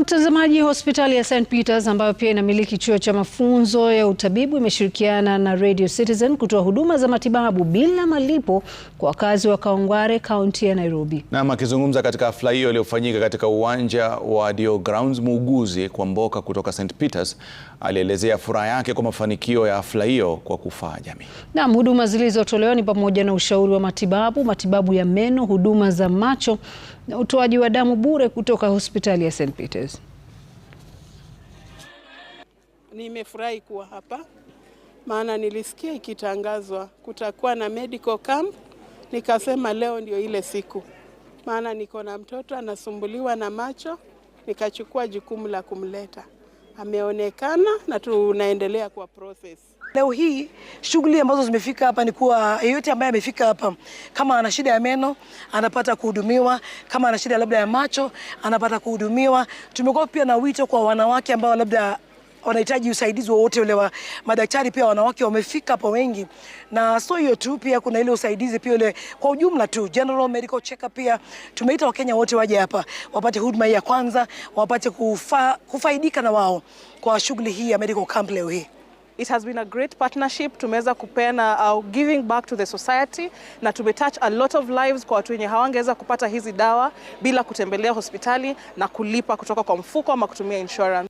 Mtazamaji, hospitali ya St Peters ambayo pia inamiliki chuo cha mafunzo ya utabibu imeshirikiana na Radio Citizen kutoa huduma za matibabu bila malipo kwa wakazi wa Kaongware, kaunti ya Nairobi. Nam akizungumza katika hafla hiyo iliyofanyika katika uwanja wa Dio Grounds, muuguzi mboka kutoka St Peters alielezea furaha yake kwa mafanikio ya hafla hiyo kwa kufaa jamii. Nam, huduma zilizotolewa ni pamoja na ushauri wa matibabu, matibabu ya meno, huduma za macho na utoaji wa damu bure kutoka hospitali ya St Peters. Yes. Nimefurahi kuwa hapa maana nilisikia ikitangazwa kutakuwa na medical camp, nikasema leo ndio ile siku, maana niko na mtoto anasumbuliwa na macho, nikachukua jukumu la kumleta ameonekana na tunaendelea kwa process. Leo hii shughuli ambazo zimefika hapa ni kuwa yeyote ambaye amefika hapa kama ana shida ya meno anapata kuhudumiwa, kama ana shida labda ya macho anapata kuhudumiwa. Tumekuwa pia na wito kwa wanawake ambao labda wanahitaji usaidizi wowote ule wa madaktari. Pia wanawake wamefika hapo wengi, na sio hiyo tu, pia kuna ile usaidizi pia ile kwa ujumla tu, general medical check-up. Pia tumeita Wakenya wote waje hapa wapate huduma ya kwanza, wapate kufa, kufaidika na wao kwa shughuli hii ya medical camp leo hii. It has been a great partnership. Tumeweza kupeana uh, giving back to the society na tumetouch a lot of lives kwa watu wenye hawangeweza kupata hizi dawa bila kutembelea hospitali na kulipa kutoka kwa mfuko ama kutumia insurance.